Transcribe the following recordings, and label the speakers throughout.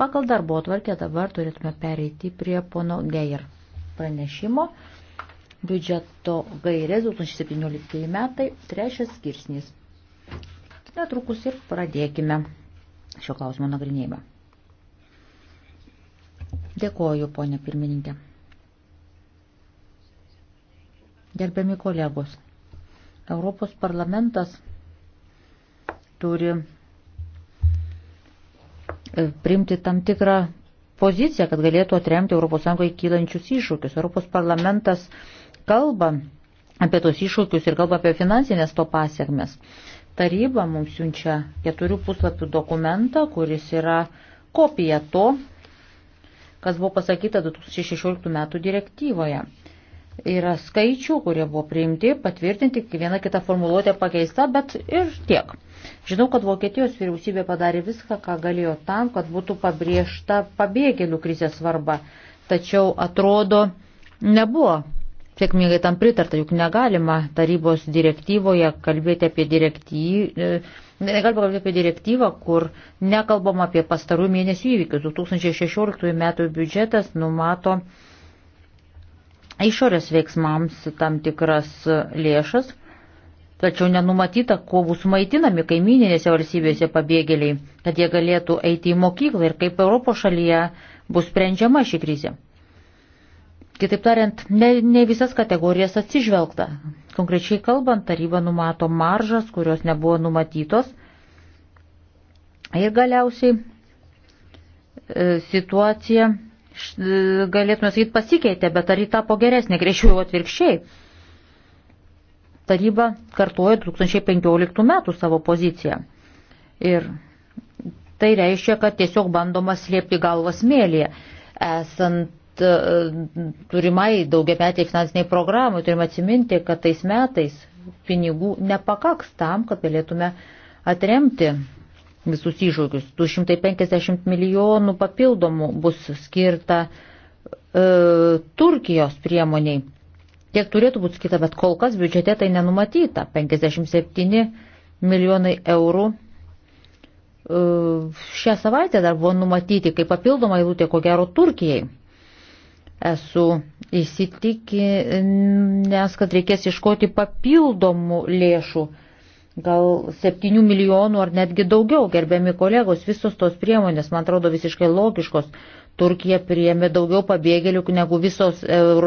Speaker 1: Pagal darbo atvarkę dabar turėtume pereiti prie pono Geir pranešimo. Biudžeto gairės 2017 metai, trečias skirsnis. Netrukus ir pradėkime šio klausimo nagrinėjimą. Dėkoju, ponė pirmininkė. Gerbiami kolegos, Europos parlamentas turi E, primti tam tikrą poziciją, kad galėtų atremti ES kylančius iššūkius. Europos parlamentas kalba apie tos iššūkius ir kalba apie finansinės to pasiekmes. Taryba mums siunčia keturių puslapių dokumentą, kuris yra kopija to, kas buvo pasakyta 2016 metų direktyvoje. Yra skaičių, kurie buvo priimti, patvirtinti, viena kita formuluotė pakeista, bet ir tiek. Žinau, kad Vokietijos vyriausybė padarė viską, ką galėjo tam, kad būtų pabrėžta pabėgėlių krizės svarba, tačiau atrodo nebuvo sėkmingai tam pritarta, juk negalima tarybos direktyvoje kalbėti apie direktyvą. E, negalima kalbėti apie direktyvą, kur nekalbama apie pastarųjų mėnesių įvykius. 2016 metų biudžetas numato išorės veiksmams tam tikras lėšas, tačiau nenumatyta, kuo bus maitinami kaimininėse valstybėse pabėgėliai, kad jie galėtų eiti į mokyklą ir kaip Europos šalyje bus sprendžiama ši krizė. Kitaip tariant, ne, ne visas kategorijas atsižvelgta. Konkrečiai kalbant, taryba numato maržas, kurios nebuvo numatytos. Ir galiausiai e, situacija galėtume sakyti, pasikeitė, bet ar ji tapo geresnė, greičiau atvirkščiai. Taryba kartuoja 2015 metų savo poziciją. Ir tai reiškia, kad tiesiog bandoma slėpti galvas mėlyje. Esant e, turimai daugiametiai finansiniai programai, turime atsiminti, kad tais metais pinigų nepakaks tam, kad galėtume atremti visus iššūkius. 250 milijonų papildomų bus skirta e, Turkijos priemoniai. Tiek turėtų būti skirta, bet kol kas biudžete tai nenumatyta. 57 milijonai eurų e, šią savaitę dar buvo numatyti kaip papildoma eilutė, ko gero, Turkijai. Esu įsitikinęs, kad reikės iškoti papildomų lėšų gal 7 milijonų ar netgi daugiau, gerbiami kolegos, visos tos priemonės, man atrodo, visiškai logiškos. Turkija priėmė daugiau pabėgėlių negu visos ES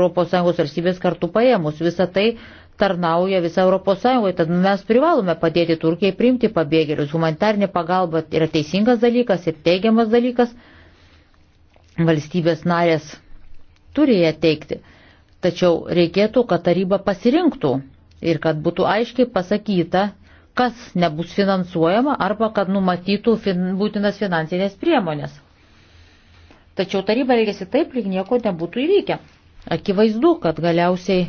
Speaker 1: valstybės kartu paėmus. Visą tai tarnauja visą ES, tad mes privalome padėti Turkijai priimti pabėgėlius. Humanitarnė pagalba yra teisingas dalykas ir teigiamas dalykas. Valstybės narės turi ją teikti. Tačiau reikėtų, kad taryba pasirinktų ir kad būtų aiškiai pasakyta, kas nebus finansuojama arba kad numatytų fin, būtinas finansinės priemonės. Tačiau taryba elgėsi taip, lyg nieko nebūtų įvykę. Akivaizdu, kad galiausiai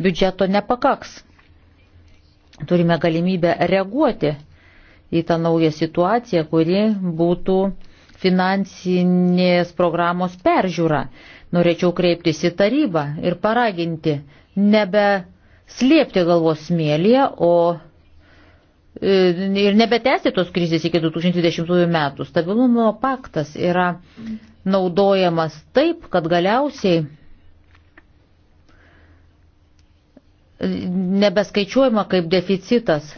Speaker 1: biudžeto nepakaks. Turime galimybę reaguoti į tą naują situaciją, kuri būtų finansinės programos peržiūra. Norėčiau kreiptis į tarybą ir paraginti nebe slėpti galvos smėlyje, o E, ir nebetęsti tos krizės iki 2020 metų. Stabilumo paktas yra naudojamas taip, kad galiausiai nebeskaičiuojama kaip deficitas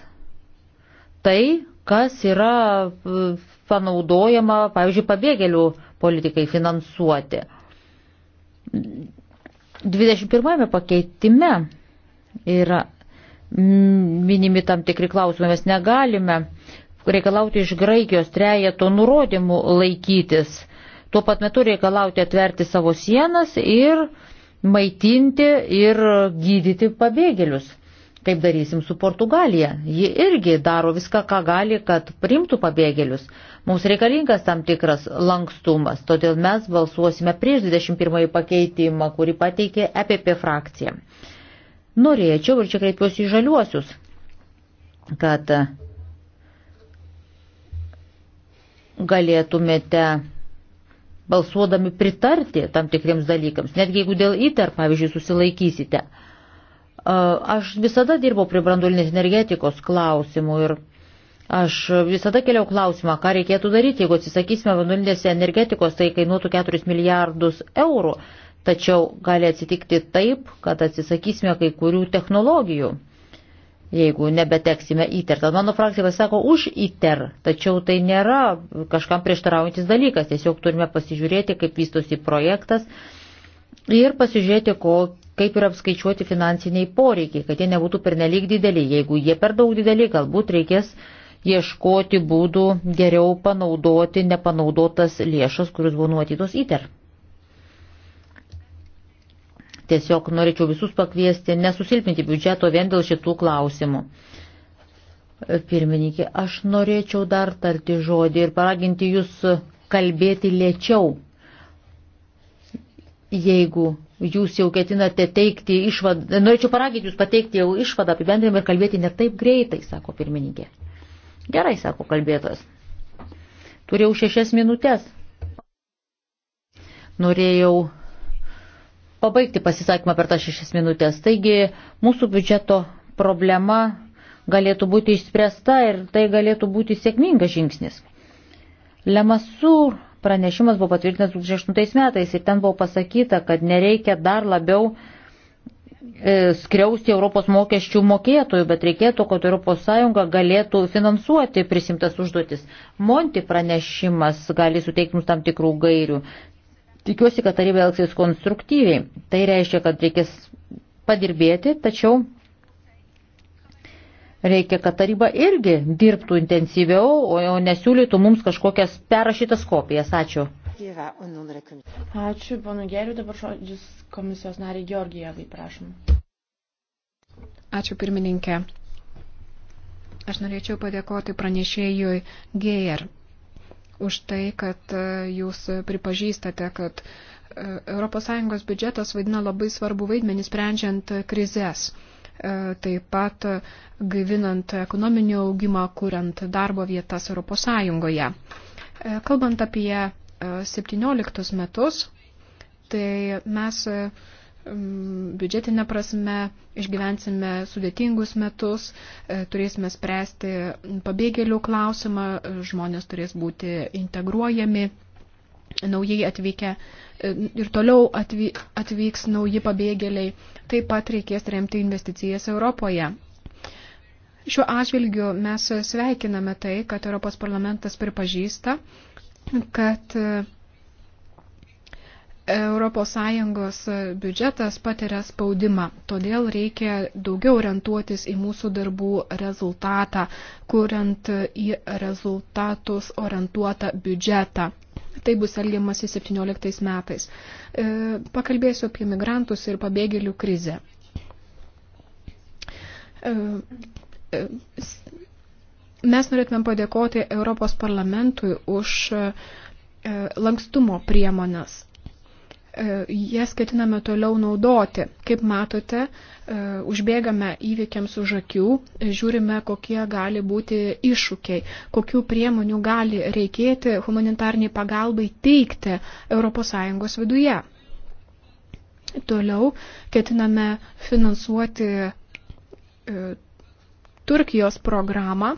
Speaker 1: tai, kas yra e, panaudojama, pavyzdžiui, pabėgėlių politikai finansuoti. 21 pakeitime yra minimi tam tikri klausimai. Mes negalime reikalauti iš Graikijos trejeto nurodymų laikytis. Tuo pat metu reikalauti atverti savo sienas ir maitinti ir gydyti pabėgėlius. Taip darysim su Portugalija. Ji irgi daro viską, ką gali, kad primtų pabėgėlius. Mums reikalingas tam tikras lankstumas, todėl mes balsuosime prieš 21 pakeitimą, kurį pateikė EPP frakcija. Norėčiau, ir čia kreipiuosi į žaliuosius, kad galėtumėte balsuodami pritarti tam tikriems dalykams, netgi jeigu dėl ITER, pavyzdžiui, susilaikysite. Aš visada dirbau prie branduolinės energetikos klausimų ir aš visada keliau klausimą, ką reikėtų daryti, jeigu atsisakysime branduolinės energetikos, tai kainuotų 4 milijardus eurų. Tačiau gali atsitikti taip, kad atsisakysime kai kurių technologijų, jeigu nebeteksime ITER. Tad mano frakcija pasako už ITER, tačiau tai nėra kažkam prieštaraujantis dalykas. Tiesiog turime pasižiūrėti, kaip vystosi projektas ir pasižiūrėti, ko, kaip yra apskaičiuoti finansiniai poreikiai, kad jie nebūtų pernelyg dideli. Jeigu jie per daug dideli, galbūt reikės ieškoti būdų geriau panaudoti nepanaudotas lėšas, kuris buvo numatytos ITER. Tiesiog norėčiau visus pakviesti nesusilpinti biudžeto vien dėl šitų klausimų. Pirmininkė, aš norėčiau dar tarti žodį ir paraginti jūs kalbėti lėčiau, jeigu jūs jau ketinate teikti išvadą, norėčiau paraginti jūs pateikti jau išvadą apibendrinimą ir kalbėti ne taip greitai, sako pirmininkė. Gerai, sako kalbėtas. Turėjau šešias minutės. Norėjau pabaigti pasisakymą per tą šešias minutės. Taigi mūsų biudžeto problema galėtų būti išspręsta ir tai galėtų būti sėkmingas žingsnis. Lemasur pranešimas buvo patvirtintas 2008 metais ir ten buvo pasakyta, kad nereikia dar labiau e, skriausti Europos mokesčių mokėtojų, bet reikėtų, kad ES galėtų finansuoti prisimtas užduotis. Monti pranešimas gali suteikti mums tam tikrų gairių. Tikiuosi, kad taryba elgsis konstruktyviai. Tai reiškia, kad reikės padirbėti, tačiau reikia, kad taryba irgi dirbtų intensyviau, o nesiūlytų mums kažkokias perrašytas kopijas. Ačiū.
Speaker 2: Ačiū, panu Geriu, dabar žodžius komisijos nariai Georgijavai, prašom.
Speaker 1: Ačiū, pirmininkė.
Speaker 3: Aš norėčiau padėkoti pranešėjui Geir už tai, kad e, jūs pripažįstate, kad e, ES biudžetas vaidina labai svarbu vaidmenį sprendžiant krizės, e, taip pat gaivinant ekonominį augimą, kuriant darbo vietas ES. Kalbant apie 17 metus, tai mes biudžetinė prasme išgyvensime sudėtingus metus, e, turėsime spręsti pabėgėlių klausimą, žmonės turės būti integruojami, naujai atvykę e, ir toliau atvy, atvyks nauji pabėgėliai, taip pat reikės remti investicijas Europoje. Šiuo atžvilgiu mes sveikiname tai, kad Europos parlamentas pripažįsta, kad e, ES biudžetas patiria spaudimą, todėl reikia daugiau orientuotis į mūsų darbų rezultatą, kuriant į rezultatus orientuotą biudžetą. Tai bus elgiamasi 17 metais. E, pakalbėsiu apie migrantus ir pabėgėlių krizę e, e, mes norėtumėm padėkoti Europos parlamentui už lankstumo priemonės. E, jas ketiname toliau naudoti. Kaip matote, e, užbėgame įvykiams už akių, e, žiūrime, kokie gali būti iššūkiai, kokių priemonių gali reikėti humanitarniai pagalbai teikti ES viduje. Toliau ketiname finansuoti Turkijos programą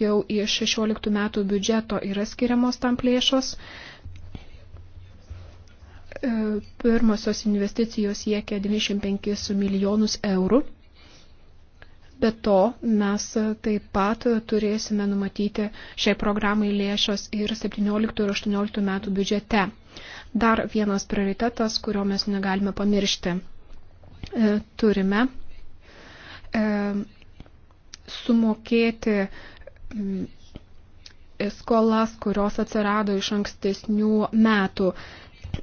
Speaker 3: jau iš 16 metų biudžeto yra skiriamos tam plėšos. E, pirmosios investicijos siekia 25 milijonus eurų. Be to, mes taip pat turėsime numatyti šiai programai lėšas ir 17 ir 18 metų biudžete. Dar vienas prioritetas, kurio mes negalime pamiršti. E, turime e, sumokėti skolas, kurios atsirado iš ankstesnių metų.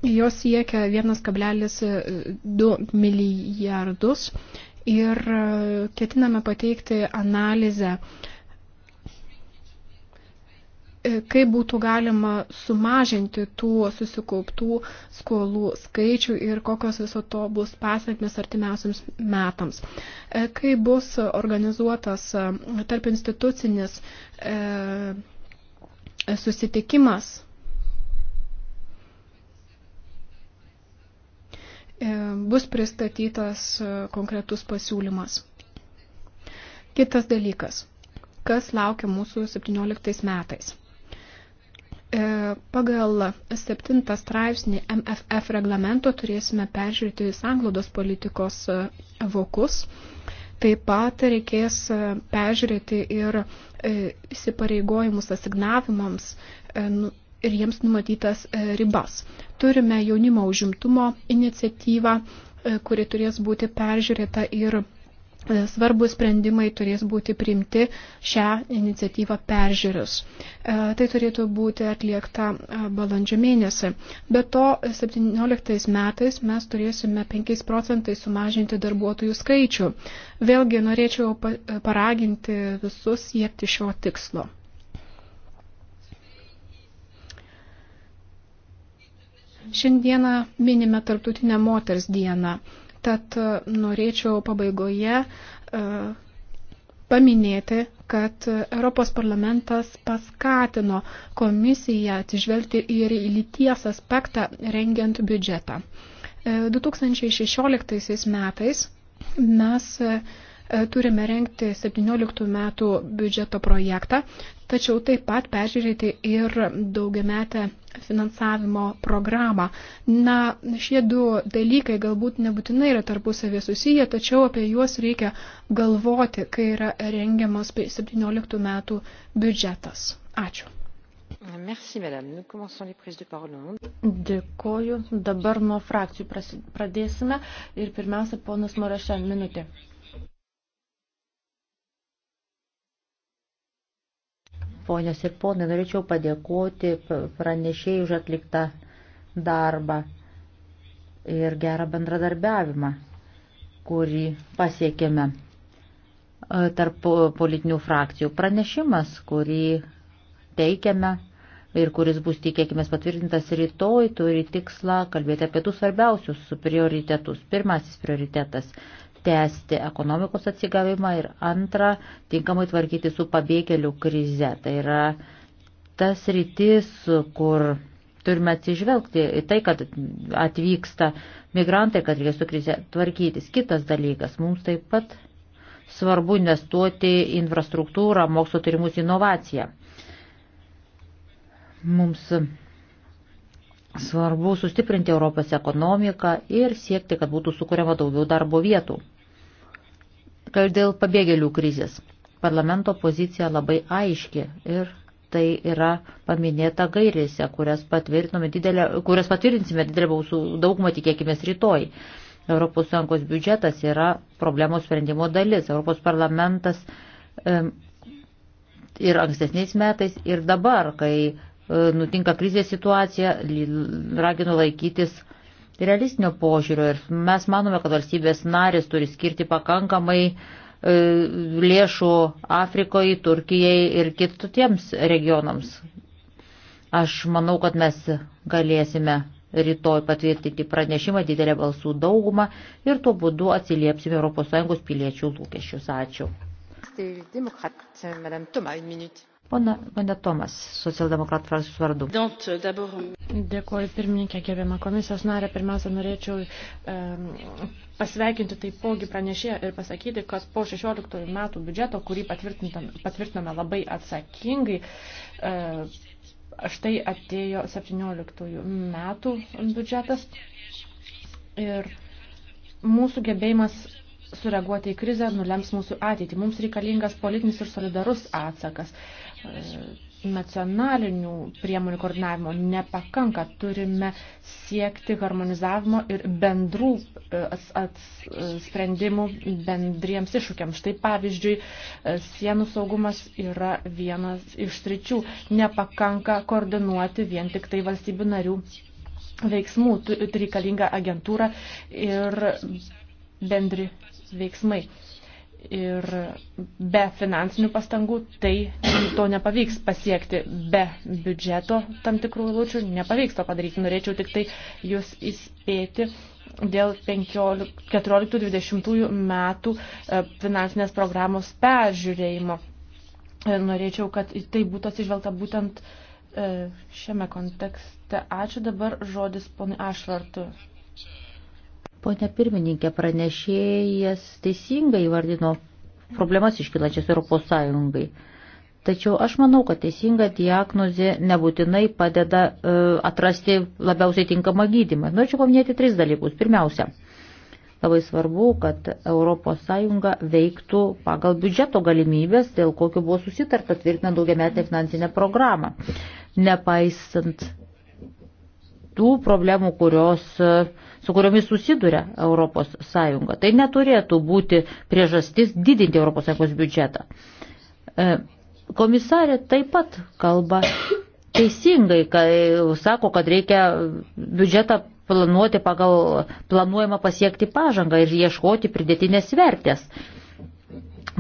Speaker 3: Jos siekia 1,2 milijardus ir e, ketiname pateikti analizę, e, kaip būtų galima sumažinti tų susikauptų skolų skaičių ir kokios viso to bus pasiekmes artimiausiams metams. E, kai bus organizuotas tarp institucinis susitikimas E, bus pristatytas e, konkretus pasiūlymas. Kitas dalykas. Kas laukia mūsų 17 metais? E, pagal 7 straipsnį MFF reglamento turėsime peržiūrėti sanglaudos politikos vokus. Taip pat reikės peržiūrėti ir įsipareigojimus asignavimams nu, ir jiems numatytas e, ribas. Turime jaunimo užimtumo iniciatyvą, e, kuri turės būti peržiūrėta ir e, svarbus sprendimai turės būti priimti šią iniciatyvą peržiūrus. Tai turėtų būti atliekta balandžio mėnesį. Be to, 17 metais mes turėsime 5 procentais sumažinti darbuotojų skaičių. Vėlgi norėčiau paraginti visus siekti šio tikslo. Šiandieną minime Tarptautinę moters dieną. Tad e, norėčiau pabaigoje e, paminėti, kad e, Europos parlamentas paskatino komisiją atsižvelgti ir į lyties aspektą rengiant biudžetą. 2016 metais mes E, turime renkti 17 metų biudžeto projektą, tačiau taip pat peržiūrėti ir daugiametę finansavimo programą. Na, šie du dalykai galbūt nebūtinai yra tarpusavė susiję, tačiau apie juos reikia galvoti, kai yra rengiamas 17 metų biudžetas. Ačiū.
Speaker 2: Merci, madame. Nous commençons les prises de parole.
Speaker 3: Dėkoju. Dabar nuo
Speaker 2: frakcijų pradėsime ir pirmiausia, ponas Morešan, minutė.
Speaker 1: Ponios ir ponai, norėčiau padėkoti pranešėjai už atliktą darbą ir gerą bendradarbiavimą, kurį pasiekėme e, tarp politinių frakcijų. Pranešimas, kurį teikiame ir kuris bus tikėkime patvirtintas rytoj, turi tikslą kalbėti apie tų svarbiausius prioritetus. Pirmasis prioritetas tęsti ekonomikos atsigavimą ir antra, tinkamai tvarkyti su pabėgėlių krize. Tai yra tas rytis, kur turime atsižvelgti į tai, kad atvyksta migrantai, kad reikia su krize tvarkytis. Kitas dalykas, mums taip pat svarbu investuoti į infrastruktūrą, mokslo tyrimus, inovaciją. Mums svarbu sustiprinti Europos ekonomiką ir siekti, kad būtų sukuriama daugiau darbo vietų. Kad dėl pabėgėlių krizės. Parlamento pozicija labai aiški ir tai yra paminėta gairėse, kurias, didelę, kurias patvirtinsime didelę bausų daugumą, tikėkime, rytoj. ES biudžetas yra problemos sprendimo dalis. Europos parlamentas ir ankstesniais metais, ir dabar, kai e, nutinka krizės situacija, ragino laikytis realistinio požiūrio ir mes manome, kad valstybės narės turi skirti pakankamai e, lėšų Afrikoje, Turkijai ir kitiems regionams. Aš manau, kad mes galėsime rytoj patvirtinti pranešimą didelę balsų daugumą ir tuo būdu atsiliepsime ES piliečių lūkesčius. Ačiū. Pana, pana Tomas, socialdemokratų frakcijos vardu.
Speaker 2: Dėkuoju pirmininkė, gerbiamą komisijos narę. Pirmiausia, norėčiau e, pasveikinti taipogi pranešėją ir pasakyti, kad po 16 metų biudžeto, kurį patvirtiname labai atsakingai, e, štai atėjo 17 metų biudžetas ir mūsų gebėjimas sureaguoti į krizę nulems mūsų ateitį. Mums reikalingas politinis ir solidarus atsakas. E, nacionalinių priemonių koordinavimo nepakanka. Turime siekti harmonizavimo ir bendrų e, ats, ats, e, sprendimų bendriems iššūkiams. Štai pavyzdžiui, sienų saugumas yra vienas iš sričių. Nepakanka koordinuoti vien tik tai valstybių narių veiksmų. Reikalinga agentūra ir bendri veiksmai. Ir be finansinių pastangų tai to nepavyks pasiekti, be biudžeto tam tikrų lūčių nepavyks to padaryti. Norėčiau tik tai jūs įspėti dėl 14-20 metų e, finansinės programos peržiūrėjimo. E, norėčiau, kad tai būtų atsižvelgta būtent e, šiame kontekste. Ačiū dabar žodis ponui Ašvartui.
Speaker 1: Pone pirmininkė, pranešėjas teisingai įvardino problemas iškilančias Europos Sąjungai. Tačiau aš manau, kad teisinga diagnozė nebūtinai padeda e, atrasti labiausiai tinkamą gydimą. Norėčiau nu, paminėti tris dalykus. Pirmiausia, labai svarbu, kad ES veiktų pagal biudžeto galimybės, dėl kokio buvo susitarta tvirtinant daugiametinę finansinę programą, nepaisant tų problemų, kurios, e, su kuriomis susiduria ES. Tai neturėtų būti priežastis didinti ES biudžetą. E, komisarė taip pat kalba teisingai, kai sako, kad reikia biudžetą planuoti pagal planuojama pasiekti pažangą ir ieškoti pridėtinės vertės.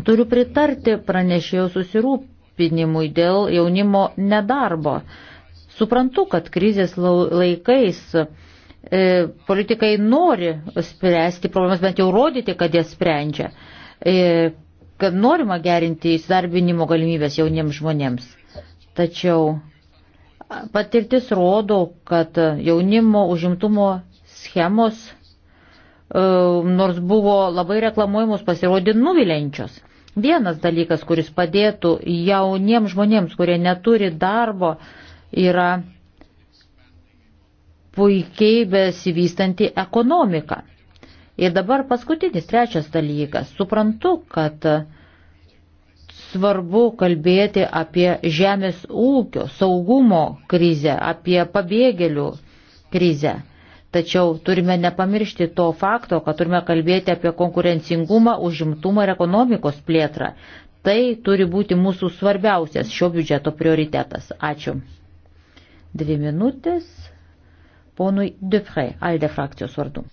Speaker 1: Turiu pritarti pranešėjo susirūpinimui dėl jaunimo nedarbo. E, Suprantu, kad krizės laikais e, politikai nori spręsti problemas, bent jau rodyti, kad jie sprendžia, e, kad norima gerinti įsidarbinimo galimybės jauniems žmonėms. Tačiau patirtis rodo, kad jaunimo užimtumo schemos, e, nors buvo labai reklamuojamos, pasirodė nuvilenčios. Vienas dalykas, kuris padėtų jauniems žmonėms, kurie neturi darbo, yra puikiai besivystanti ekonomika. Ir dabar paskutinis, trečias dalykas. Suprantu, kad svarbu kalbėti apie žemės ūkio, saugumo krizę, apie pabėgėlių krizę. Tačiau turime nepamiršti to fakto, kad turime kalbėti apie konkurencingumą, užimtumą ir ekonomikos plėtrą. Tai turi būti mūsų svarbiausias šio biudžeto prioritetas. Ačiū. Dvi minutės ponui Dupre, Alde frakcijos vardu.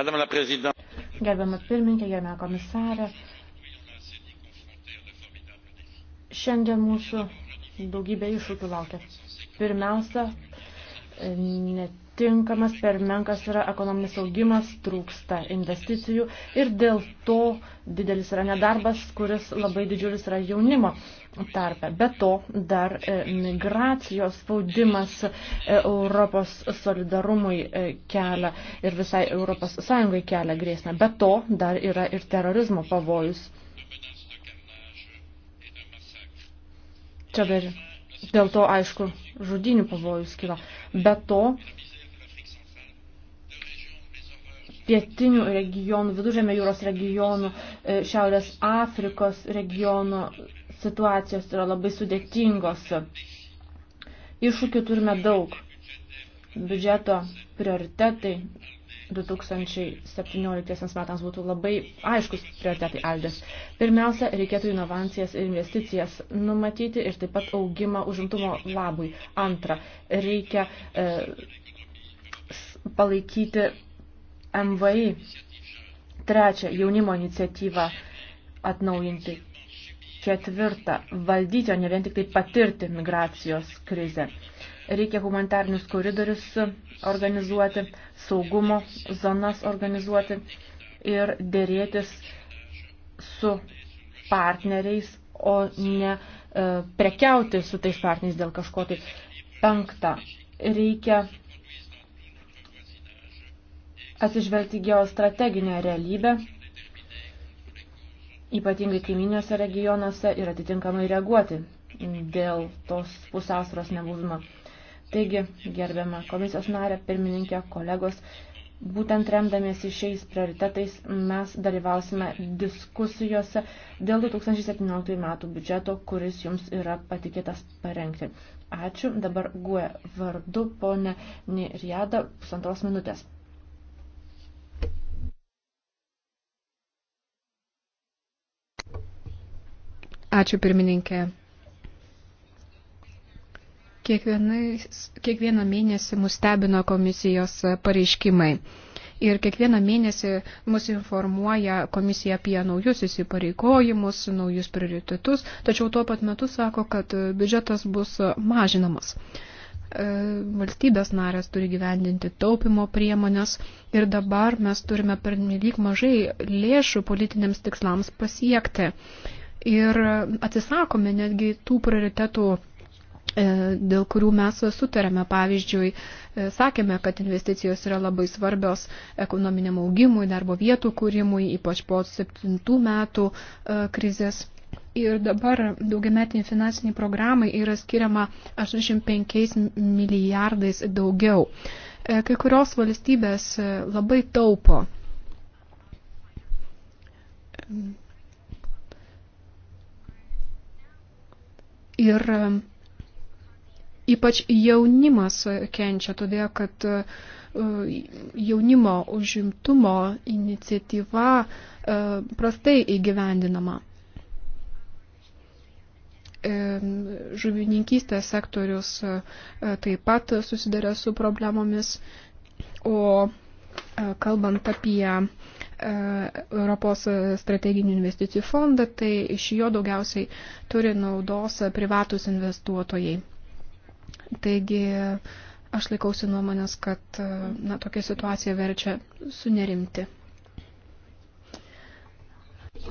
Speaker 1: Gerbiamas
Speaker 2: pirmininkė, gerbiamą komisarę. Šiandien mūsų daugybė iššūkių laukia. Pirmiausia, net tinkamas, per menkas yra ekonominis augimas, trūksta investicijų ir dėl to didelis yra nedarbas, kuris labai didžiulis yra jaunimo tarpe. Be to dar e, migracijos spaudimas e, Europos solidarumui e, kelia ir visai Europos Sąjungai kelia grėsmę. Be to dar yra ir terorizmo pavojus. Čia dar dėl to, aišku, žudinių pavojus kyla. Be to, pietinių regionų, viduržėmio jūros regionų, e, Šiaurės Afrikos regionų situacijos yra labai sudėtingos. Iššūkių turime daug. Biudžeto prioritetai 2017 metams būtų labai aiškus prioritetai Aldės. Pirmiausia, reikėtų inovacijas ir investicijas numatyti ir taip pat augimą užimtumo labui. Antra, reikia e, palaikyti MVI. Trečia, jaunimo iniciatyva atnaujinti. Ketvirta, valdyti, o ne vien tik tai patirti migracijos krizę. Reikia humanitarinius koridorius organizuoti, saugumo zonas organizuoti ir dėrėtis su partneriais, o ne e, prekiauti su tais partneriais dėl kažko. Tai penkta, reikia atsižvelgti geostrateginę realybę, ypatingai kaiminiuose regionuose ir atitinkamai reaguoti dėl tos pusiausvėros nebuvimo. Taigi, gerbiama komisijos narė, pirmininkė, kolegos, būtent remdamiesi šiais prioritetais mes dalyvausime diskusijose dėl 2017 metų biudžeto, kuris jums yra patikėtas parengti. Ačiū. Dabar guė e vardu ponė Niriada pusantros
Speaker 3: minutės. Ačiū pirmininkė. Kiekvieną mėnesį mus stebino komisijos pareiškimai. Ir kiekvieną mėnesį mus informuoja komisija apie naujus įsipareigojimus, naujus prioritetus, tačiau tuo pat metu sako, kad biudžetas bus mažinamas. E, valstybės narės turi gyvendinti taupimo priemonės ir dabar mes turime per nelik mažai lėšų politiniams tikslams pasiekti ir atsisakome netgi tų prioritetų, e, dėl kurių mes sutarėme. Pavyzdžiui, e, sakėme, kad investicijos yra labai svarbios ekonominiam augimui, darbo vietų kūrimui, ypač po 7 metų e, krizės. Ir dabar daugiametiniai finansiniai programai yra skiriama 85 milijardais daugiau. Kai kurios valstybės labai taupo Ir e, ypač jaunimas kenčia, todėl kad e, jaunimo užimtumo iniciatyva e, prastai įgyvendinama. Žuvininkystės sektorius taip pat susiduria su problemomis, o kalbant apie E, Europos strateginių investicijų fondą, tai iš jo daugiausiai turi naudos privatus investuotojai. Taigi aš laikausi nuomonės, kad e, na, tokia situacija verčia sunerimti.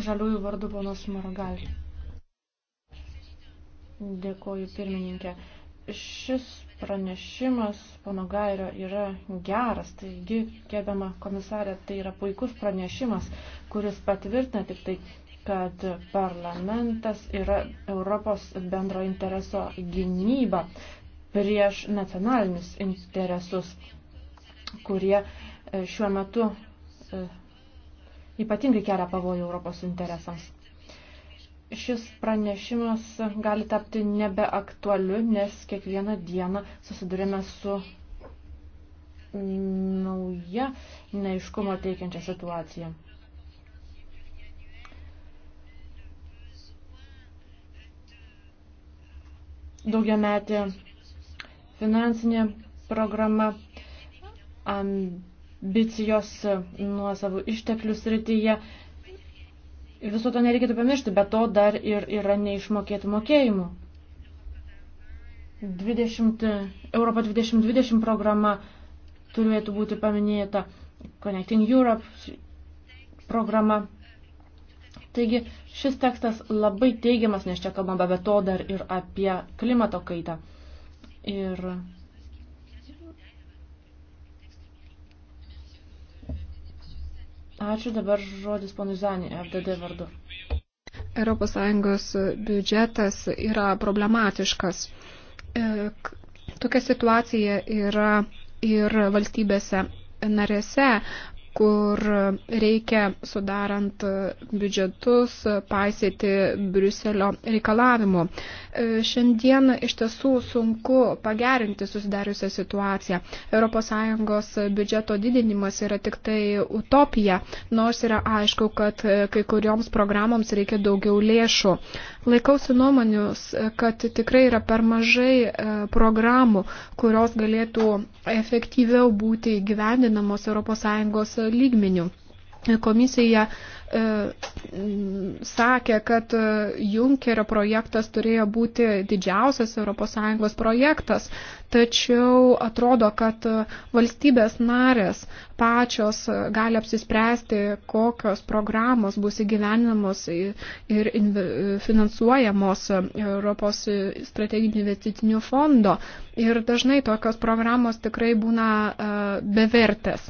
Speaker 2: Žaliųjų vardu ponas Margal. Dėkoju pirmininkė šis pranešimas pono Gairio yra geras, taigi, gerbiama komisarė, tai yra puikus pranešimas, kuris patvirtina tik tai, kad parlamentas yra Europos bendro intereso gynyba prieš nacionalinius interesus, kurie e, šiuo metu e, ypatingai kelia pavojų Europos interesams šis pranešimas gali tapti nebeaktualiu, nes kiekvieną dieną susidurime su nauja neiškumo teikiančia situacija. Daugiametė finansinė programa, ambicijos nuosavų išteklių srityje Ir viso to nereikėtų pamiršti, bet to dar ir yra neišmokėtų mokėjimų. 20, Europa 2020 programa turėtų būti paminėta, Connecting Europe programa. Taigi šis tekstas labai teigiamas, nes čia kalbama be to dar ir apie klimato kaitą. Ir Ačiū dabar žodis ponui Zanį, FDD vardu.
Speaker 3: ES biudžetas yra problematiškas. E, tokia situacija yra ir valstybėse narėse, kur reikia sudarant biudžetus paisyti Briuselio reikalavimų. E, šiandien iš tiesų sunku pagerinti susidariusią situaciją. ES biudžeto didinimas yra tik tai utopija, nors yra aišku, kad kai kurioms programoms reikia daugiau lėšų. Laikausi nuomonius, kad tikrai yra per mažai e, programų, kurios galėtų efektyviau būti gyvendinamos ES lygmenių. Komisija e, sakė, kad e, Junkerio projektas turėjo būti didžiausias ES projektas, tačiau atrodo, kad e, valstybės narės pačios gali apsispręsti, kokios programos bus įgyveninamos ir finansuojamos Europos strateginių investicinių fondo. Ir dažnai tokios programos tikrai būna e, bevertės.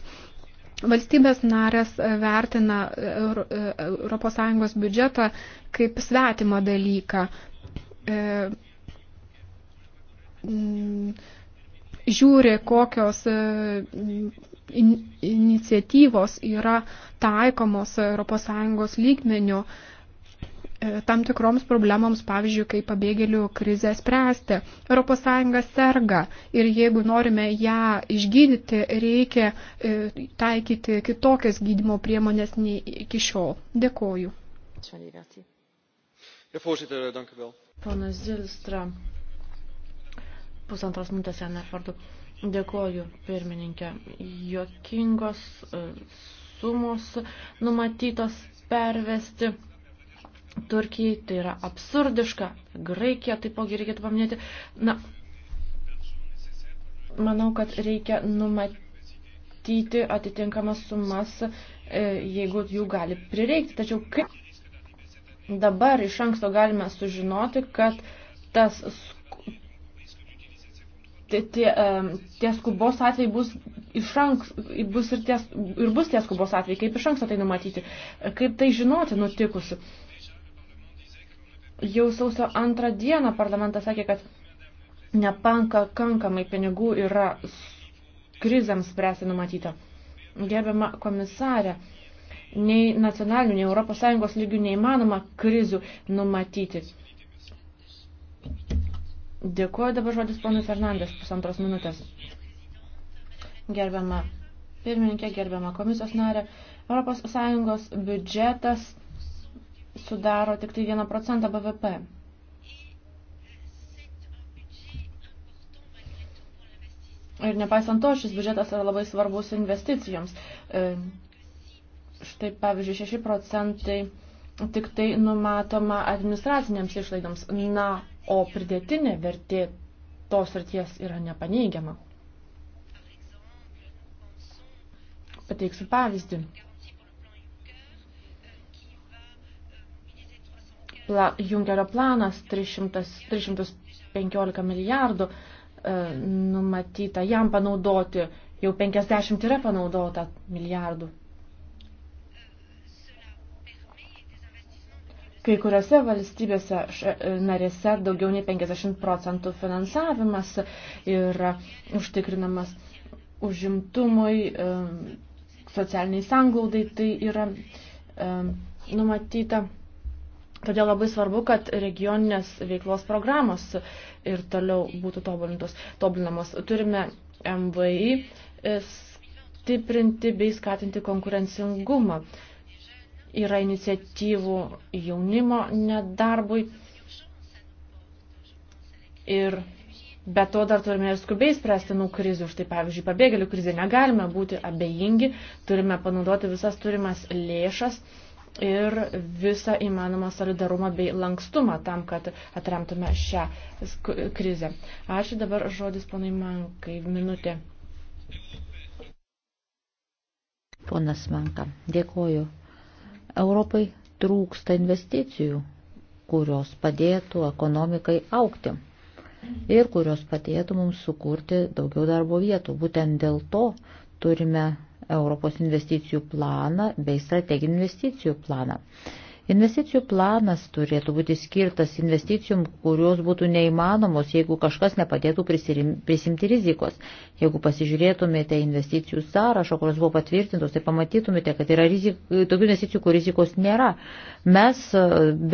Speaker 3: Valstybės narės e, vertina ES e, biudžetą kaip svetimą dalyką. E, mm, žiūri, kokios iniciatyvos yra taikomos ES lygmenių E, tam tikroms problemoms, pavyzdžiui, kaip pabėgėlių krizę spręsti. ES serga ir jeigu norime ją išgydyti, reikia e, taikyti kitokias gydimo priemonės nei iki šiol. Dėkoju.
Speaker 2: Ponas Zilstra, pusantros minutės, ne vardu. Dėkoju, pirmininkė. Jokingos e, sumos numatytos pervesti Turkijai, tai yra absurdiška, Graikija taipogi reikėtų paminėti. Na, manau, kad reikia numatyti atitinkamas sumas, e, jeigu jų gali prireikti. Tačiau kaip dabar iš anksto galime sužinoti, kad tas tie, e, tie skubos atvejai bus iš anksto, bus ir, ties, ir bus tie skubos atvejai, kaip iš anksto tai numatyti, kaip tai žinoti nutikusi. Jau sausio antrą dieną parlamentas sakė, kad nepanka kankamai pinigų yra krizėms spręsti numatyta. Gerbiama komisarė, nei nacionalinių, nei ES lygių neįmanoma krizių numatyti. Dėkuoju dabar žodis ponui Fernandės pusantros minutės. Gerbiama pirmininkė, gerbiama komisijos narė, ES biudžetas sudaro tik tai 1 procentą BVP. Ir nepaisant to, šis biudžetas yra labai svarbus investicijoms. E, štai pavyzdžiui, 6 procentai tik tai numatoma administracinėms išlaidoms. Na, o pridėtinė vertė tos srities yra nepaneigiama. Pateiksiu pavyzdį. pla, Junkerio planas 300, 315 milijardų e, numatyta jam panaudoti, jau 50 yra panaudota milijardų. Kai kuriuose valstybėse e, narėse daugiau nei 50 procentų finansavimas yra užtikrinamas užimtumui, e, socialiniai sanglaudai, tai yra e, numatyta Todėl labai svarbu, kad regioninės veiklos programos ir toliau būtų tobulinamos. Turime MVI e, stiprinti bei skatinti konkurencingumą. Yra iniciatyvų jaunimo nedarbui. Ir be to dar turime ir skubiai spręstinų nu krizių. Štai pavyzdžiui, pabėgėlių krizė negalime būti abejingi, turime panaudoti visas turimas lėšas ir visą įmanomą solidarumą bei lankstumą tam, kad atremtume šią krizę. Ačiū dabar žodis ponai Mankai, minutė.
Speaker 1: Ponas Manka, dėkoju. Europai trūksta investicijų, kurios padėtų ekonomikai aukti ir kurios padėtų mums sukurti daugiau darbo vietų. Būtent dėl to turime Europos investicijų planą bei strateginių investicijų planą. E, Investicijų planas turėtų būti skirtas investicijom, kurios būtų neįmanomos, jeigu kažkas nepadėtų prisimti rizikos. Jeigu pasižiūrėtumėte investicijų sąrašo, kurios buvo patvirtintos, tai pamatytumėte, kad yra rizik, tokių investicijų, kur rizikos nėra. Mes e,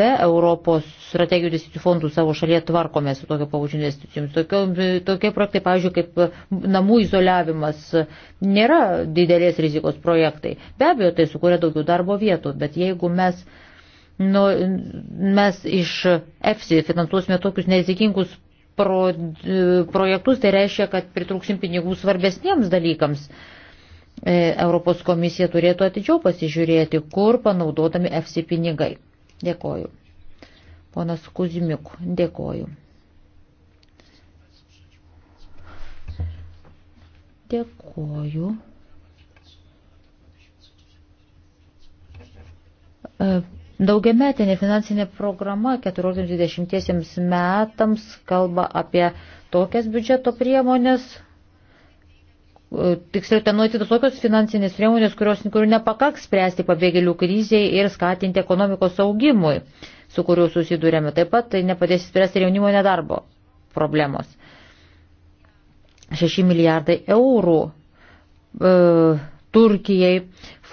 Speaker 1: be Europos strategijų investicijų fondų savo šalyje tvarkome su tokio pavyzdžio investicijoms. Tokio, tokie projektai, pavyzdžiui, kaip namų izoliavimas, nėra didelės rizikos projektai. Be abejo, tai sukuria daugiau darbo vietų, bet jeigu mes nu, mes iš EFSI finansuosime tokius neįsikingus pro, e, projektus, tai reiškia, kad pritruksim pinigų svarbesniems dalykams. E, Europos komisija turėtų atidžiau pasižiūrėti, kur panaudodami EFSI pinigai. Dėkoju. Ponas Kuzimiuk, dėkoju. Dėkoju. E Daugiametinė finansinė programa 14-20 metams kalba apie tokias biudžeto priemonės, e, tiksliau ten nuotytos tokios finansinės priemonės, kurios kurių nepakaks spręsti pabėgėlių kriziai ir skatinti ekonomikos augimui, su kuriuo susidūrėme. Taip pat tai nepadės spręsti ir jaunimo nedarbo problemos. 6 milijardai eurų e, Turkijai,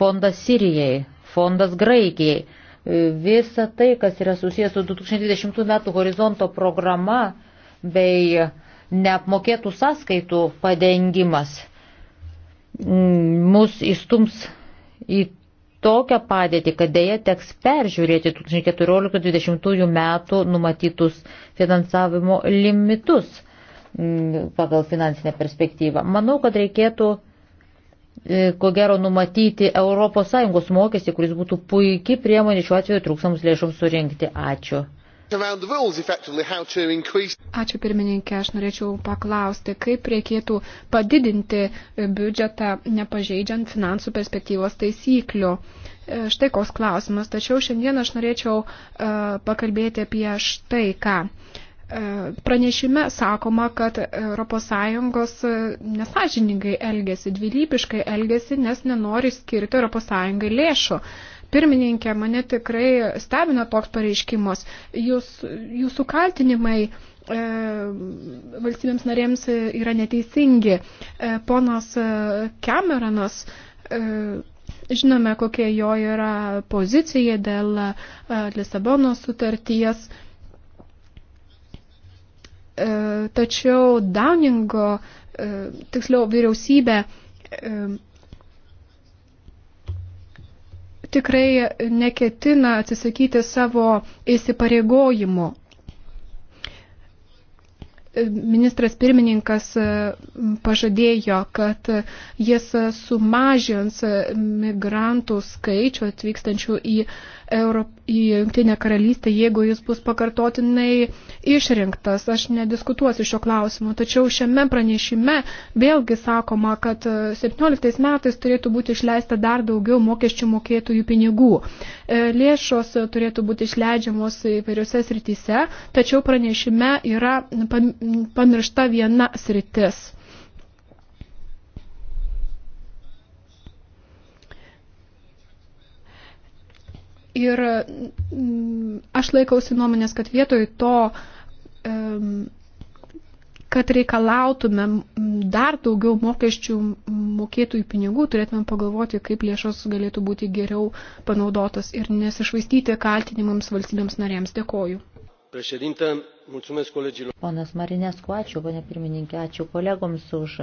Speaker 1: fondas Sirijai, fondas Graikijai Visa tai, kas yra susijęs su 2020 metų horizonto programa bei neapmokėtų sąskaitų padengimas, mm, mus įstums į tokią padėtį, kad dėja teks peržiūrėti 2014-2020 metų numatytus finansavimo limitus mm, pagal finansinę perspektyvą. Manau, kad reikėtų E, ko gero numatyti ES mokestį, kuris būtų puikiai priemonė šiuo atveju trūksamus lėšoms surinkti. Ačiū.
Speaker 3: Ačiū pirmininkė, aš norėčiau paklausti, kaip reikėtų padidinti biudžetą nepažeidžiant finansų perspektyvos taisyklių. E, štai koks klausimas, tačiau šiandien aš norėčiau e, pakalbėti apie štai ką. Uh, E, pranešime sakoma, kad ES e, nesažiningai elgesi, dvilypiškai elgesi, nes nenori skirti ES lėšų. Pirmininkė, mane tikrai stebina toks pareiškimas. Jūs, jūsų kaltinimai e, valstybėms narėms yra neteisingi. E, ponas e, Cameronas, e, žinome, kokia jo yra pozicija dėl e, Lisabono sutarties. E, E, tačiau Downingo, e, tiksliau vyriausybė, e, tikrai neketina atsisakyti savo įsipareigojimų. Ministras pirmininkas pažadėjo, kad jis sumažins migrantų skaičių atvykstančių į Europ, į Junktinę karalystę, jeigu jis bus pakartotinai išrinktas. Aš nediskutuosiu šio klausimu, tačiau šiame pranešime vėlgi sakoma, kad 17 e, metais turėtų būti išleista dar daugiau mokesčių mokėtojų pinigų. E, lėšos turėtų būti išleidžiamos įvairiose srityse, tačiau pranešime yra pamiršta viena sritis Ir mm, aš laikausi nuomonės, kad vietoj to, kad reikalautumėm mm, dar daugiau mokesčių mokėtųjų pinigų, turėtumėm pagalvoti, kaip lėšos galėtų būti geriau panaudotos ir nesišvaistyti kaltinimams
Speaker 1: valstybėms narėms. Dėkoju. Președinte, mulțumesc colegilor. Ponas Marinescu, ačiū, ponė pirmininkė, ačiū kolegoms už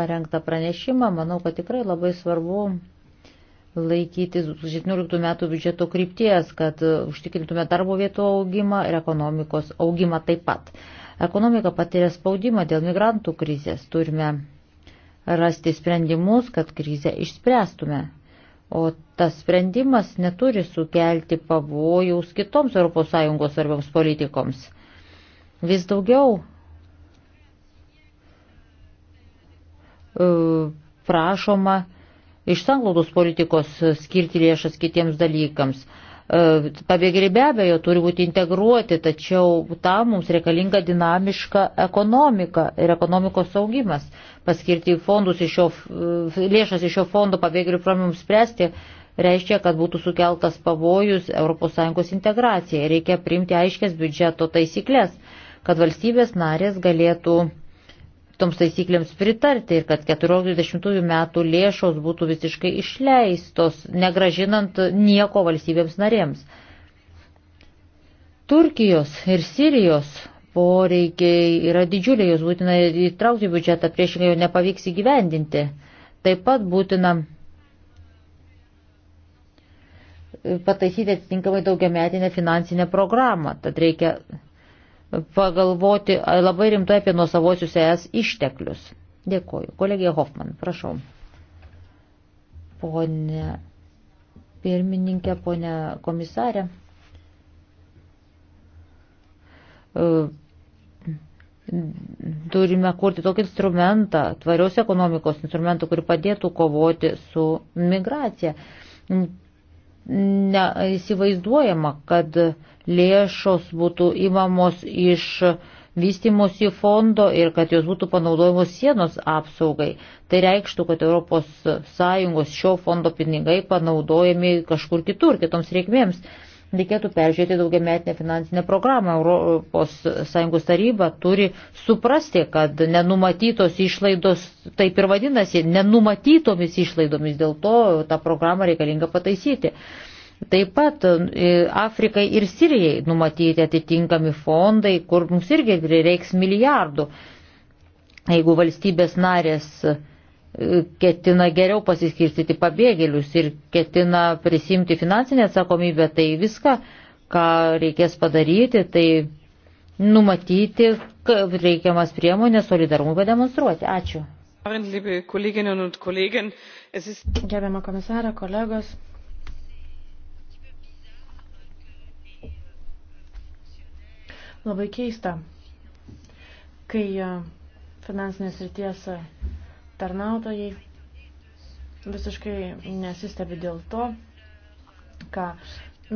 Speaker 1: parengtą pranešimą. Manau, kad tikrai labai svarbu laikytis 2017 metų biudžeto krypties, kad e, užtikrintume darbo vietų augimą ir ekonomikos augimą taip pat. Ekonomika patiria spaudimą dėl migrantų krizės. Turime rasti sprendimus, kad krizę išspręstume. O tas sprendimas neturi sukelti pavojaus kitoms ES svarbiams politikoms. Vis daugiau e, prašoma iš sanglaudos politikos skirti lėšas kitiems dalykams. E, pabėgėliai be abejo turi būti integruoti, tačiau tam mums reikalinga dinamiška ekonomika ir ekonomikos augimas. Paskirti fondus iš šio, e, lėšas iš šio fondo pabėgėlių problemams spręsti reiškia, kad būtų sukeltas pavojus ES integracijai. Reikia priimti aiškias biudžeto taisyklės, kad valstybės narės galėtų toms taisyklėms pritarti ir kad 14-20 metų lėšos būtų visiškai išleistos, negražinant nieko valstybėms narėms. Turkijos ir Sirijos poreikiai yra didžiuliai, jos būtina įtraukti biudžetą, priešingai jo nepavyks įgyvendinti. Taip pat būtina pataisyti atitinkamai daugiametinę finansinę programą. Tad reikia pagalvoti labai rimtai apie nuosavosius ES išteklius. Dėkoju. Kolegija Hoffman, prašau. Pone pirmininkė, pone komisarė. E, turime kurti tokį instrumentą, tvarios ekonomikos instrumentą, kuri padėtų kovoti su migracija. Neįsivaizduojama, kad lėšos būtų imamos iš vystimosi fondo ir kad jos būtų panaudojamos sienos apsaugai. Tai reikštų, kad ES šio fondo pinigai panaudojami kažkur kitur, kitoms reikmėms. Reikėtų peržiūrėti daugiametinę finansinę programą. ES taryba turi suprasti, kad nenumatytos išlaidos, taip ir vadinasi, nenumatytomis išlaidomis, dėl to tą programą reikalinga pataisyti. Uh, Taip pat e, Afrikai ir Sirijai numatyti atitinkami fondai, kur mums irgi reiks milijardų. Jeigu valstybės narės e, ketina geriau pasiskirstyti pabėgėlius ir ketina prisimti finansinę atsakomybę, tai viską, ką reikės padaryti, tai numatyti reikiamas priemonės solidarumui pademonstruoti. Ačiū.
Speaker 2: Gerbiama komisarė, kolegos, Labai keista, kai e, finansinės ryties e, tarnautojai visiškai nesistebi dėl to, ką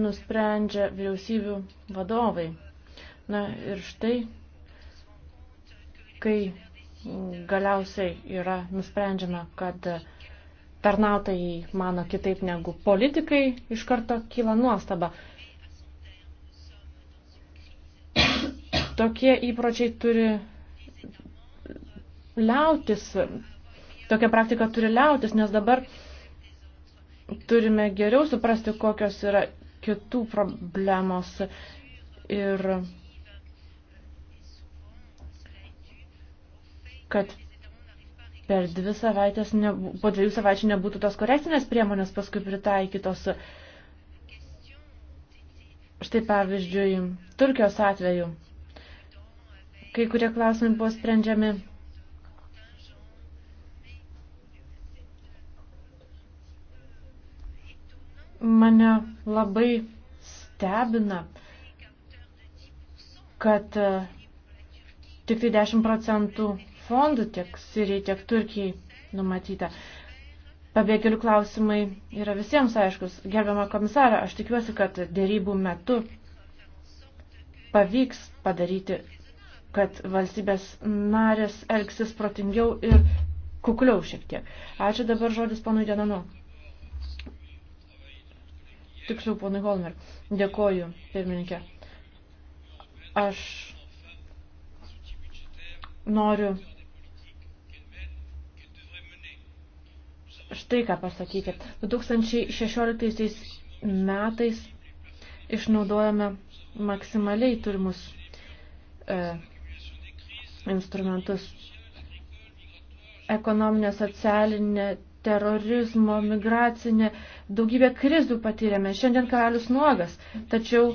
Speaker 2: nusprendžia vyriausybių vadovai. Na ir štai, kai galiausiai yra nusprendžiama, kad tarnautojai mano kitaip negu politikai, iš karto kyla nuostaba. Tokie įpročiai turi liautis, tokia praktika turi liautis, nes dabar turime geriau suprasti, kokios yra kitų problemos ir kad per dvi savaitės, ne, po dviejų savaičių nebūtų tos korekcinės priemonės paskui pritaikytos. Štai pavyzdžiui, Turkijos atveju kai kurie klausimai buvo sprendžiami. Mane labai stebina, kad e, tik 10 tai procentų fondų tiek Sirijai, tiek Turkijai numatyta. Pabėgėlių klausimai yra visiems aiškus. Gerbiama komisarė, aš tikiuosi, kad dėrybų metu pavyks padaryti kad valstybės narės elgsis protingiau ir kukliau šiek tiek. Ačiū dabar žodis ponui Denanu. Tiksliau, ponui Holmer. Dėkoju, pirmininkė. Aš noriu štai ką pasakyti. 2016 metais išnaudojame maksimaliai turimus e, instrumentus. Ekonominė, socialinė, terorizmo, migracinė, daugybė krizų patyrėme. Šiandien karalius nuogas, tačiau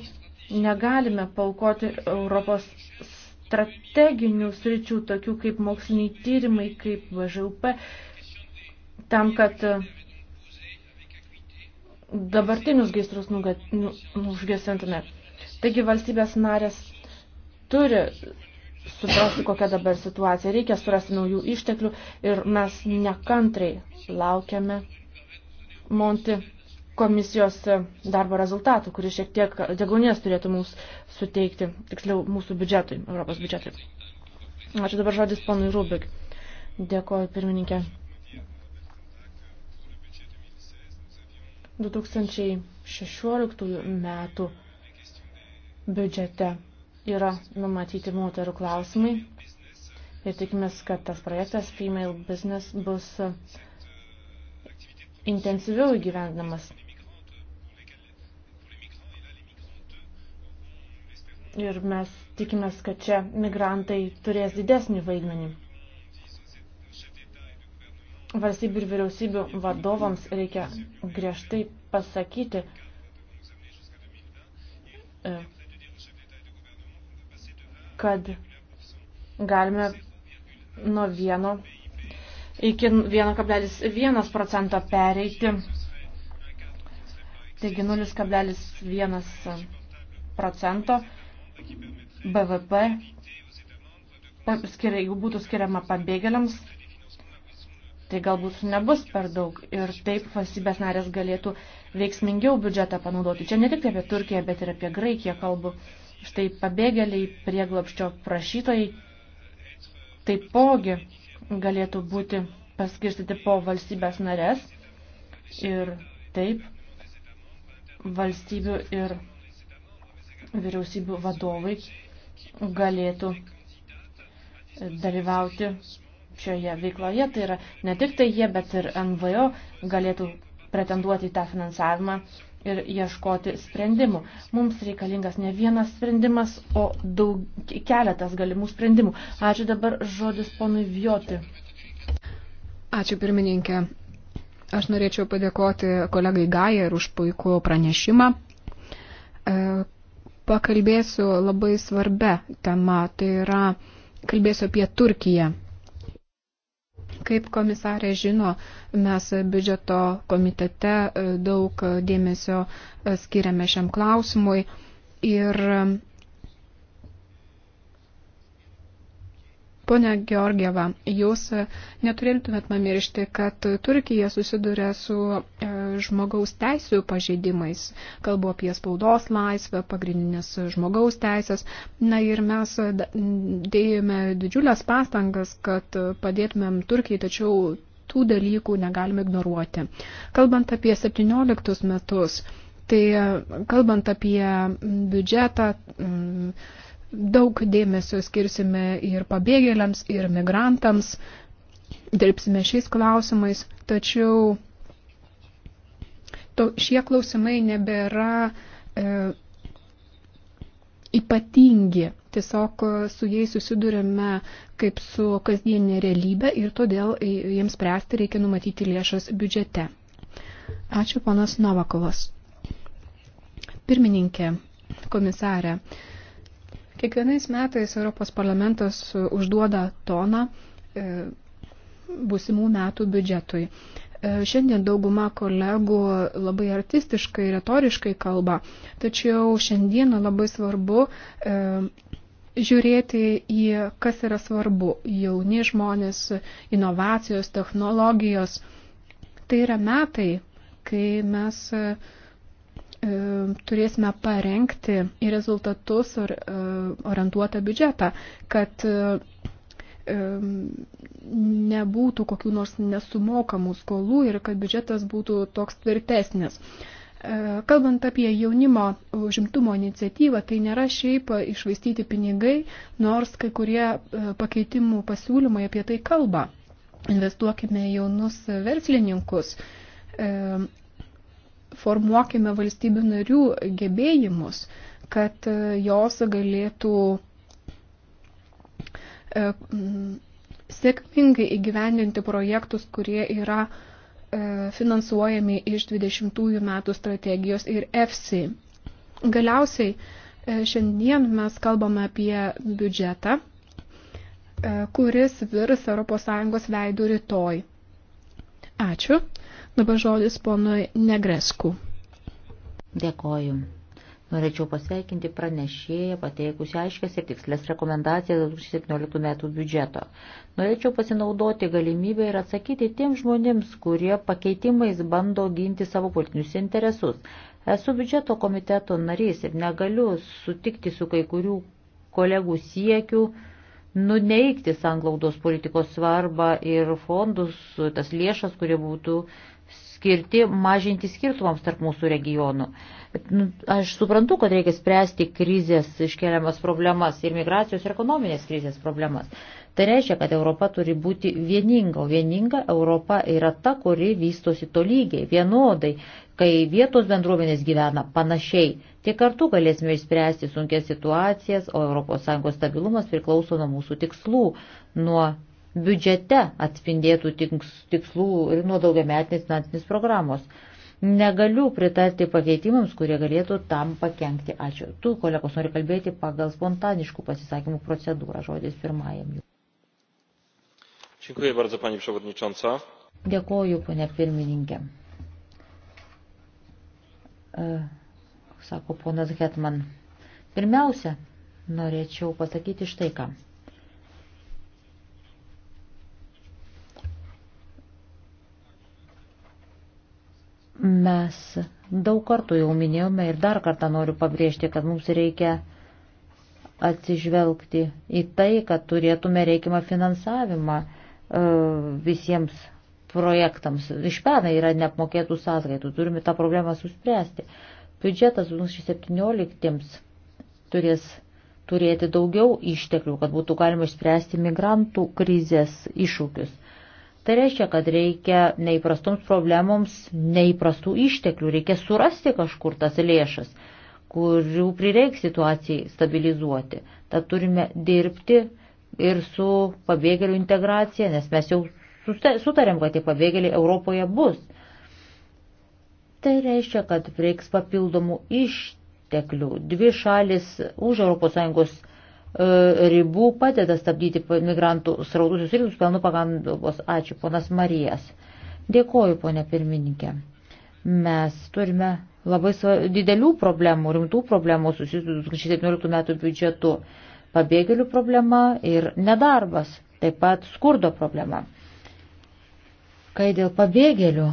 Speaker 2: negalime paukoti Europos strateginių sričių, tokių kaip moksliniai tyrimai, kaip VŽUP, tam, kad e, dabartinius gaisrus nu, užgesintume. Taigi valstybės narės turi suprasti, kokia dabar situacija. Reikia surasti naujų išteklių ir mes nekantrai laukiame Monti komisijos darbo rezultatų, kuris šiek tiek degonės turėtų mums suteikti, tiksliau mūsų biudžetui, Europos biudžetui. Ačiū dabar žodis ponui Rubik. Dėkoju, pirmininkė. 2016 metų biudžete yra numatyti moterų klausimai ir tikimės, kad tas projektas Female Business bus intensyviau įgyvendinamas. Ir mes tikimės, kad čia migrantai turės didesnį vaidmenį. Valstybių ir vyriausybių vadovams reikia griežtai pasakyti, e, kad galime nuo 1 iki 1,1 procento pereiti. Taigi 0,1 procento BVP, skiria, jeigu būtų skiriama pabėgėliams, tai galbūt nebus per daug ir taip valstybės narės galėtų veiksmingiau biudžetą panaudoti. Čia ne tik apie Turkiją, bet ir apie Graikiją kalbu. Štai pabėgėliai prieglopščio prašytojai taipogi galėtų būti paskirstyti po valstybės narės ir taip valstybių ir vyriausybių vadovai galėtų dalyvauti šioje veikloje. Tai yra ne tik tai jie, bet ir NVO galėtų pretenduoti į tą finansavimą ir ieškoti sprendimų. Mums reikalingas ne vienas sprendimas, o daug, keletas galimų sprendimų. Ačiū dabar žodis ponui Vjoti.
Speaker 3: Ačiū pirmininkė. Aš norėčiau padėkoti kolegai Gajer už puikų pranešimą. E, pakalbėsiu labai svarbę temą, tai yra kalbėsiu apie Turkiją. Kaip komisarė žino, mes biudžeto komitete e, daug dėmesio e, skiriame šiam klausimui ir Pone Georgieva, jūs neturėtumėt pamiršti, kad Turkija susiduria su e, žmogaus teisų pažeidimais. Kalbu apie spaudos laisvę, pagrindinės žmogaus teisės. Na ir mes dėjome didžiulės pastangas, kad padėtumėm Turkijai, tačiau tų dalykų negalime ignoruoti. Kalbant apie 17 metus, tai kalbant apie biudžetą, Daug dėmesio skirsime ir pabėgėliams, ir migrantams, dirbsime šiais klausimais, tačiau to, šie klausimai nebėra e, ypatingi, tiesiog su jais susidurime kaip su kasdienė realybė ir todėl jiems spręsti reikia numatyti lėšas biudžete. Ačiū ponas Novakovas. Pirmininkė, komisarė. E, Kiekvienais metais Europos parlamentas užduoda toną e, būsimų metų biudžetui. E, šiandien dauguma kolegų labai artistiškai, retoriškai kalba, tačiau šiandieną labai svarbu e, žiūrėti į, kas yra svarbu - jauni žmonės, inovacijos, technologijos. Tai yra metai, kai mes uh, E, turėsime parengti į rezultatus or, e, orientuotą biudžetą, kad e, nebūtų kokių nors nesumokamų skolų ir kad biudžetas būtų toks tvirtesnis. Kalbant apie jaunimo užimtumo iniciatyvą, tai nėra šiaip išvaistyti pinigai, nors kai kurie pakeitimų pasiūlymai apie tai kalba. Investuokime jaunus verslininkus, formuokime valstybių narių gebėjimus, kad e, jos galėtų e, sėkmingai įgyvendinti projektus, kurie yra e, finansuojami iš 20 metų strategijos ir EFSI. Galiausiai šiandien mes kalbame apie biudžetą, kuris virs ES veidų rytoj. Ačiū. Dabar
Speaker 1: žodis ponui Negresku. Dėkoju. Norėčiau pasveikinti pranešėją, pateikusią aiškės ir tikslės rekomendacijas 2017 metų biudžeto. Norėčiau pasinaudoti galimybę ir atsakyti tiems žmonėms, kurie pakeitimais bando ginti savo politinius interesus. Esu biudžeto komiteto narys ir negaliu sutikti su kai kurių kolegų siekių nuneikti sanglaudos politikos svarbą ir fondus, tas lėšas, kurie būtų skirti mažinti skirtumams tarp mūsų regionų. Nu, aš suprantu, kad reikia spręsti krizės iškeliamas problemas ir migracijos ir ekonominės krizės problemas. Tai reiškia, kad Europa turi būti vieninga, o vieninga Europa yra ta, kuri vystosi tolygiai, vienodai, kai vietos bendruomenės gyvena panašiai. Tik kartu galėsime išspręsti sunkias situacijas, o ES stabilumas priklauso nuo mūsų tikslų, nuo biudžete atspindėtų tikslų ir nuo daugiametinės finansinės programos. Negaliu pritarti pakeitimams, kurie galėtų tam pakengti. Ačiū. Tu, kolegos, nori kalbėti pagal spontaniškų pasisakymų procedūrą. Žodis pirmajam jų.
Speaker 2: Dziękuję bardzo, pani przewodnicząca.
Speaker 1: Dėkoju, ponia pirmininkė. E, sako ponas Hetman. Pirmiausia, norėčiau pasakyti štai ką. Mes daug kartų jau minėjome ir dar kartą noriu pabrėžti, kad mums reikia atsižvelgti į tai, kad turėtume reikimą finansavimą e, visiems projektams. Iš pernai yra neapmokėtų sąskaitų, turime tą problemą suspręsti. Biudžetas 2017 turės turėti daugiau išteklių, kad būtų galima išspręsti migrantų krizės iššūkius. Tai reiškia, kad reikia neįprastoms problemoms neįprastų išteklių, reikia surasti kažkur tas lėšas, kurių prireiks situacijai stabilizuoti. Tad turime dirbti ir su pabėgėlių integracija, nes mes jau sutarėm, kad tie pabėgėliai Europoje bus. Tai reiškia, kad reiks papildomų išteklių. Dvi šalis už ES E, ribų padeda stabdyti migrantų srautus ir rytus pelnų pagalbos. Ačiū, ponas Marijas. Dėkoju, ponė pirmininkė. Mes turime labai didelių problemų, rimtų problemų susijusių 2017 metų biudžetu. Pabėgėlių problema ir nedarbas, taip pat skurdo problema. Kai dėl pabėgėlių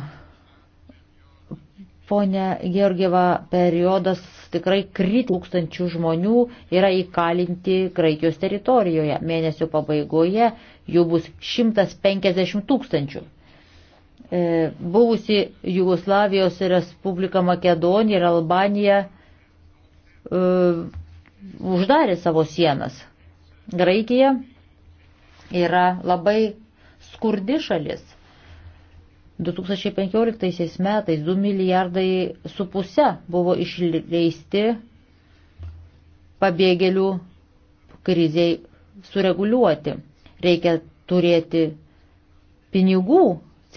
Speaker 1: Pone Georgieva, periodas tikrai krit tūkstančių žmonių yra įkalinti Graikijos teritorijoje. Mėnesio pabaigoje jų bus 150 tūkstančių. E, buvusi Jugoslavijos Respublika Makedonija ir Albanija uh, uždarė savo sienas. Graikija yra labai skurdi šalis 2015 metais 2 milijardai su puse buvo išleisti pabėgėlių kriziai sureguliuoti. Reikia turėti pinigų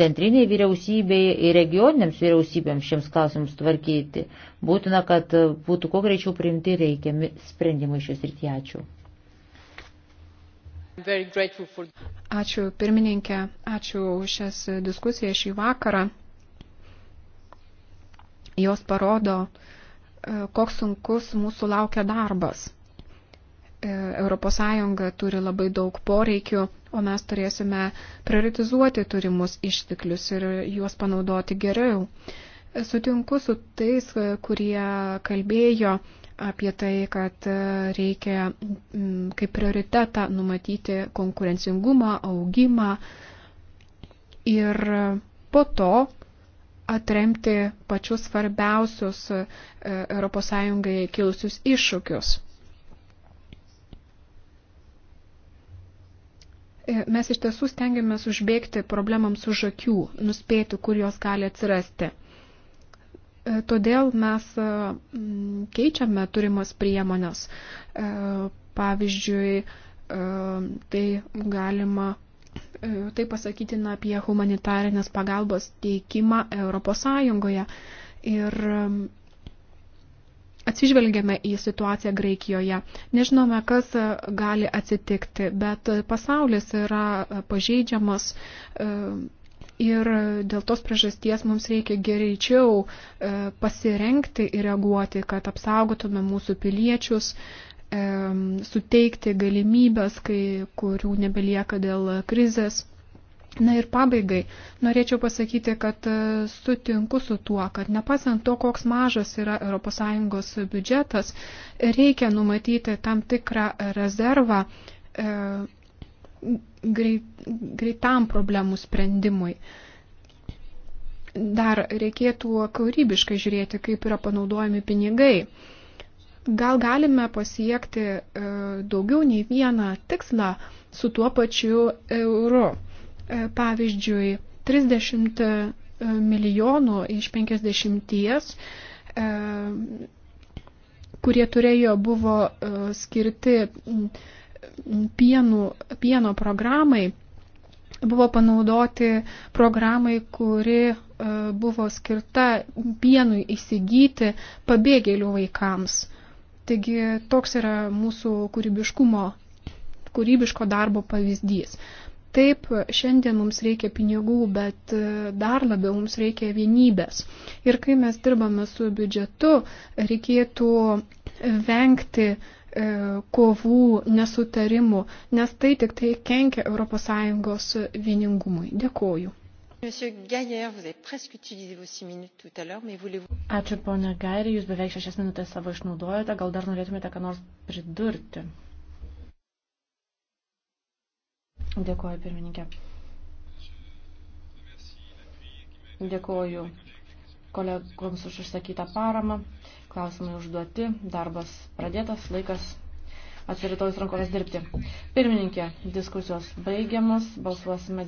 Speaker 1: centriniai vyriausybei ir regioniniams vyriausybėms šiems klausimams tvarkyti. Būtina, kad būtų kuo greičiau priimti reikiami sprendimai šios rytyje. Ačiū. Ačiū
Speaker 3: pirmininkė, ačiū už šias diskusijas šį vakarą. Jos parodo, e, koks sunkus mūsų laukia darbas. ES turi labai daug poreikių, o mes turėsime prioritizuoti turimus išteklius ir juos panaudoti geriau. Sutinku su tais, kurie kalbėjo apie tai, kad e, reikia kaip prioritetą numatyti konkurencingumą, augimą ir po to atremti pačius svarbiausius ES kilusius iššūkius. E, mes iš tiesų stengiamės užbėgti problemams už akių, nuspėti, kur jos gali atsirasti. E, todėl mes e, keičiame turimas priemonės. E, pavyzdžiui, tai galima tai pasakytina apie humanitarinės pagalbos teikimą ES. Ir atsižvelgiame į situaciją Graikijoje. Nežinome, kas gali atsitikti, bet pasaulis yra pažeidžiamas Ir dėl tos priežasties mums reikia greičiau e, pasirenkti ir reaguoti, kad apsaugotume mūsų piliečius, e, suteikti galimybės, kai, kurių nebelieka dėl krizės. Na ir pabaigai, norėčiau pasakyti, kad e, sutinku su tuo, kad nepasant to, koks mažas yra ES biudžetas, reikia numatyti tam tikrą rezervą greit, greitam problemų sprendimui. Dar reikėtų kūrybiškai žiūrėti, kaip yra panaudojami pinigai. Gal galime pasiekti e, daugiau nei vieną tikslą su tuo pačiu euru. E, pavyzdžiui, 30 e, milijonų iš 50, e, kurie turėjo buvo e, skirti pienų, pieno programai buvo panaudoti programai, kuri e, buvo skirta pienui įsigyti pabėgėlių vaikams. Taigi toks yra mūsų kūrybiškumo, kūrybiško darbo pavyzdys. Taip, šiandien mums reikia pinigų, bet e, dar labiau mums reikia vienybės. Ir kai mes dirbame su biudžetu, reikėtų vengti E, kovų, nesutarimų, nes tai tik tai kenkia ES vieningumui. Dėkoju.
Speaker 2: Ačiū, ponia Gairi, jūs beveik šešias minutės savo išnaudojate, gal dar norėtumėte ką nors pridurti. Dėkoju, pirmininkė. Dėkoju kolegoms už išsakytą paramą. Klausimai užduoti, darbas
Speaker 1: pradėtas, laikas atsiritojus rankovės dirbti. Pirmininkė, diskusijos baigiamas, balsuosime.